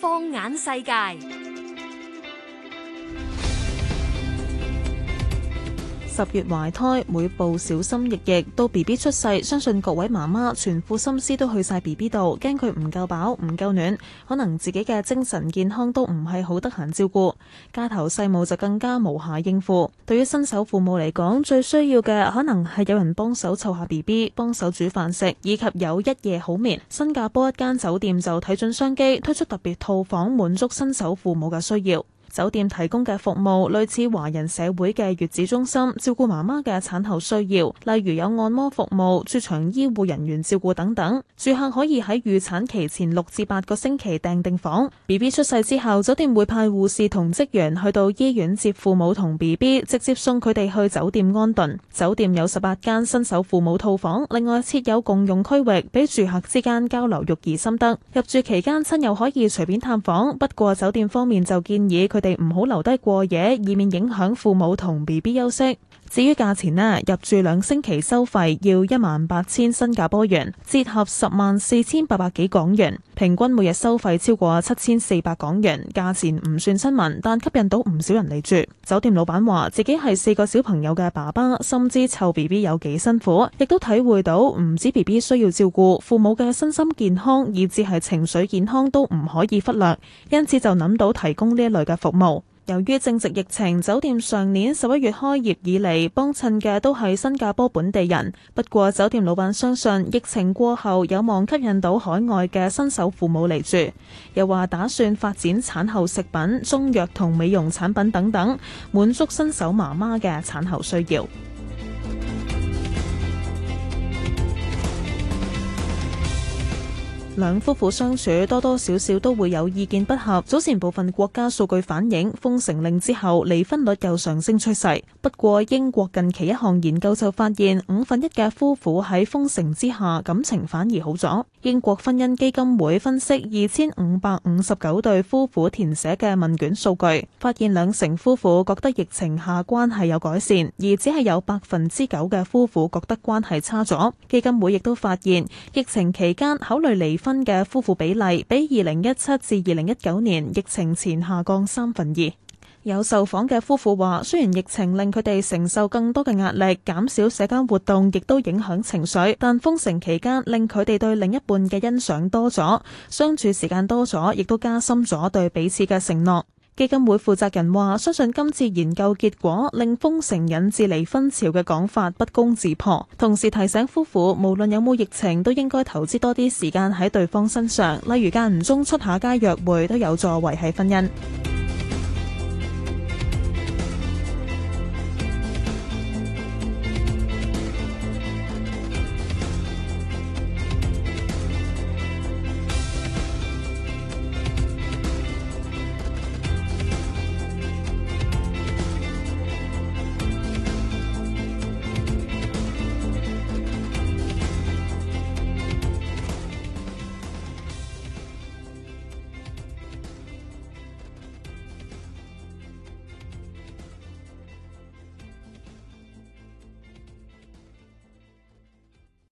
放眼世界。十月懷胎，每步小心翼翼，到 B B 出世，相信各位媽媽全副心思都去晒 B B 度，驚佢唔夠飽、唔夠暖，可能自己嘅精神健康都唔係好得閒照顧，家頭細務就更加無暇應付。對於新手父母嚟講，最需要嘅可能係有人幫手湊下 B B，幫手煮飯食，以及有一夜好眠。新加坡一間酒店就睇準商機，推出特別套房，滿足新手父母嘅需要。酒店提供嘅服務類似華人社會嘅月子中心，照顧媽媽嘅產後需要，例如有按摩服務、駐場醫護人員照顧等等。住客可以喺預產期前六至八個星期訂訂房。B B 出世之後，酒店會派護士同職員去到醫院接父母同 B B，直接送佢哋去酒店安頓。酒店有十八間新手父母套房，另外設有共用區域，俾住客之間交流育兒心得。入住期間親友可以隨便探訪，不過酒店方面就建議佢哋唔好留低過夜，以免影響父母同 BB 休息。至於價錢呢？入住兩星期收費要一萬八千新加坡元，折合十萬四千八百幾港元。平均每日收費超過七千四百港元，價錢唔算親民，但吸引到唔少人嚟住。酒店老闆話：自己係四個小朋友嘅爸爸，深知湊 BB 有幾辛苦，亦都體會到唔止 BB 需要照顧，父母嘅身心健康，以至係情緒健康都唔可以忽略，因此就諗到提供呢類嘅服務。由於正值疫情，酒店上年十一月開業以嚟，幫襯嘅都係新加坡本地人。不過，酒店老闆相信疫情過後有望吸引到海外嘅新手父母嚟住，又話打算發展產後食品、中藥同美容產品等等，滿足新手媽媽嘅產後需要。兩夫婦相處多多少少都會有意見不合。早前部分國家數據反映封城令之後離婚率又上升趨勢。不過，英國近期一項研究就發現五分一嘅夫婦喺封城之下感情反而好咗。英國婚姻基金會分析二千五百五十九對夫婦填寫嘅問卷數據，發現兩成夫婦覺得疫情下關係有改善，而只係有百分之九嘅夫婦覺得關係差咗。基金會亦都發現疫情期間考慮離。婚嘅夫婦比例比二零一七至二零一九年疫情前下降三分二。有受訪嘅夫婦話，雖然疫情令佢哋承受更多嘅壓力，減少社交活動，亦都影響情緒，但封城期間令佢哋對另一半嘅欣賞多咗，相處時間多咗，亦都加深咗對彼此嘅承諾。基金會負責人話，相信今次研究結果令封城引致離婚潮嘅講法不攻自破。同時提醒夫婦，無論有冇疫情，都應該投資多啲時間喺對方身上，例如間唔中出下街約會，都有助維繫婚姻。